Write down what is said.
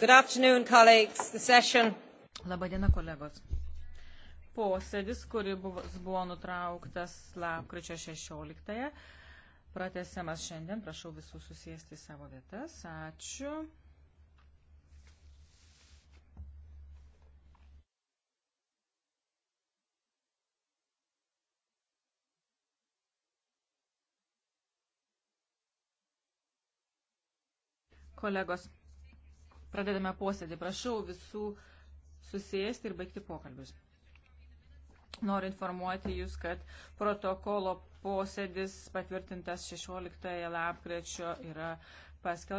Good afternoon, colleagues. The session. Labadiena, kolegos. Posėdis, kuri buvo, buvo nutrauktas lapkričio 16-ąją, pratesiamas šiandien. Prašau visų susėsti į savo vietas. Ačiū. kolegos Pradedame posėdį. Prašau visų susėsti ir baigti pokalbius. Noriu informuoti Jūs, kad protokolo posėdis patvirtintas 16 lapkričio yra paskelbtas.